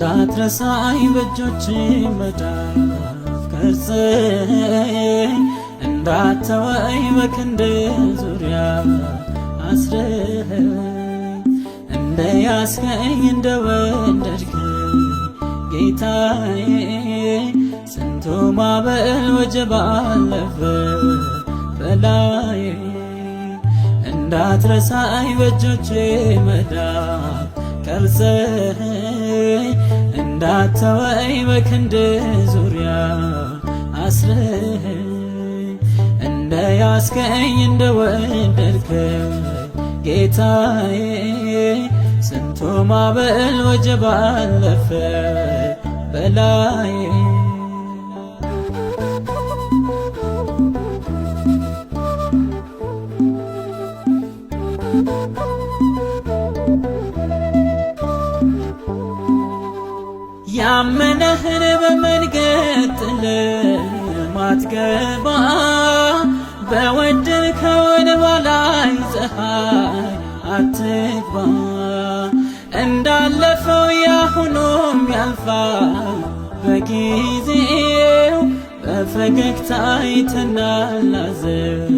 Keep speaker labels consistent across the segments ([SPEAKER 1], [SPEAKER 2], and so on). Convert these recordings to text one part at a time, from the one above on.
[SPEAKER 1] እንዳትረሳኝ በእጆች መዳፍ ቅርጽ እንዳትተወኝ በክንድ ዙሪያ አስረ እንደ ያስከኝ እንደ ወንደድከ ጌታዬ ስንቱ ማዕበል ወጀብ አለፈ በላዬ እንዳትረሳኝ በእጆቼ መዳፍ ቀርጸኸኝ እንዳትተወኝ በክንድ ዙሪያ አስረኸኝ እንደ ያስከኝ እንደ ወደድከኝ ጌታዬ ስንቱ ማዕበል ወጀብ አለፈ በላይ ያመነህን በመንገድ ጥል ማትገባ በወደን ከሆነ በላይ ፀሐይ አትግባ እንዳለፈው ያሁኑም ያልፋል በጊዜው በፈገግታ አይተናል ሐዘን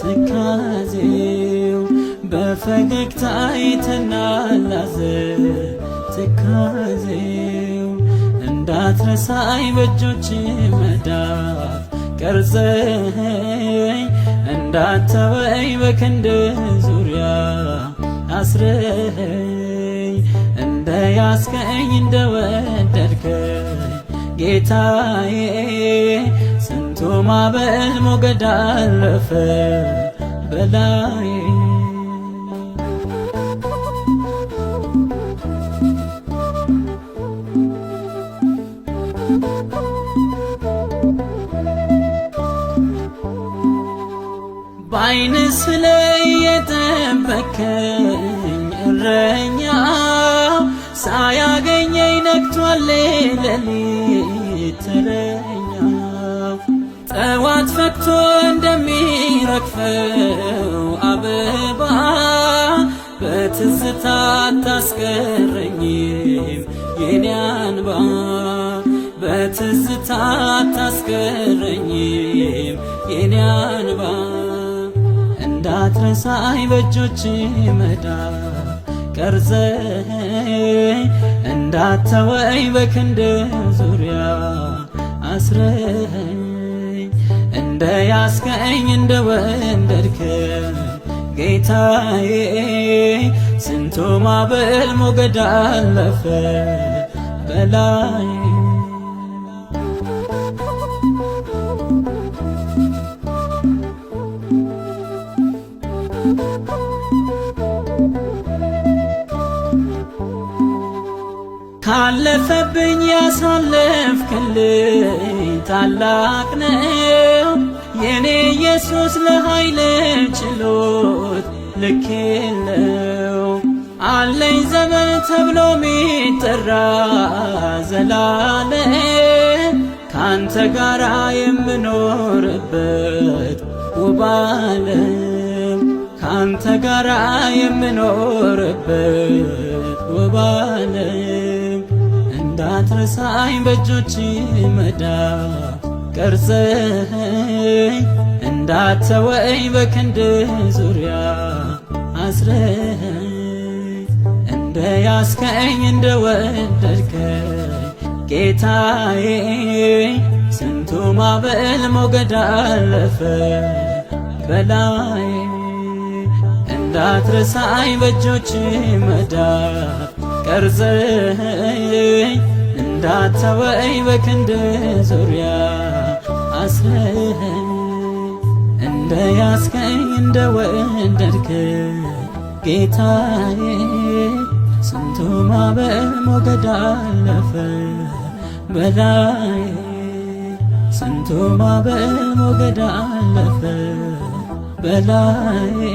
[SPEAKER 1] ትካዜው በፈገግታ አይተናል ሐዘን ትካዜው እንዳትረሳኝ በእጆች መዳፍ ቀርጸኸኝ እንዳተወኝ በክንድ ዙሪያ አስረኸኝ እንደ ያስከኝ እንደወደድከኝ ጌታዬ ስንቱ ማዕበል ሞገድ አረፈ በላዬ በዓይን ስለ እረኛ ሳያገኘኝ ነግቷል ሌሊት ትለኛ ጠዋት ፈክቶ እንደሚረግፈው አበባ በትዝታ ታስቀረኝም የኔ አንባ በትዝታ ታስቀረኝም የኔ አንባ እንዳትረሳኝ በእጆች መዳፍ ቀርጸ እንዳተወይ በክንድ ዙር አስረኝ እንደ ያስከኝ እንደ ወንደድከ ጌታዬ ስንቱ ማዕበል ሞገድ አለፈ በላይ ላለፈብኝ ያሳለፍክልኝ ታላቅ ነው የኔ ኢየሱስ ለኃይል ችሎት ልክ አለኝ ዘመን ተብሎ ሚጠራ ዘላለ ካንተ ጋራ የምኖርበት ውባለ ካንተ ጋራ የምኖርበት ውብ እንዳትረሳኝ በእጆች መዳፍ ቀርጸኝ እንዳትተወኝ በክንድ ዙሪያ አስረኝ እንደ ያስከኝ እንደ ወደድከኝ ጌታዬ ስንቱ ማዕበል ሞገድ አለፈ በላይ እንዳትረሳኝ በእጆች መዳፍ ቀርጸኝ እንዳታወይ በክንድ ዙሪያ አስረኝ እንደ ያስከኝ እንደ ወደድክ ጌታዬ ስንቱ ማዕበል ሞገድ አለፈ በላይ ስንቱ ማዕበል ሞገድ አለፈ በላይ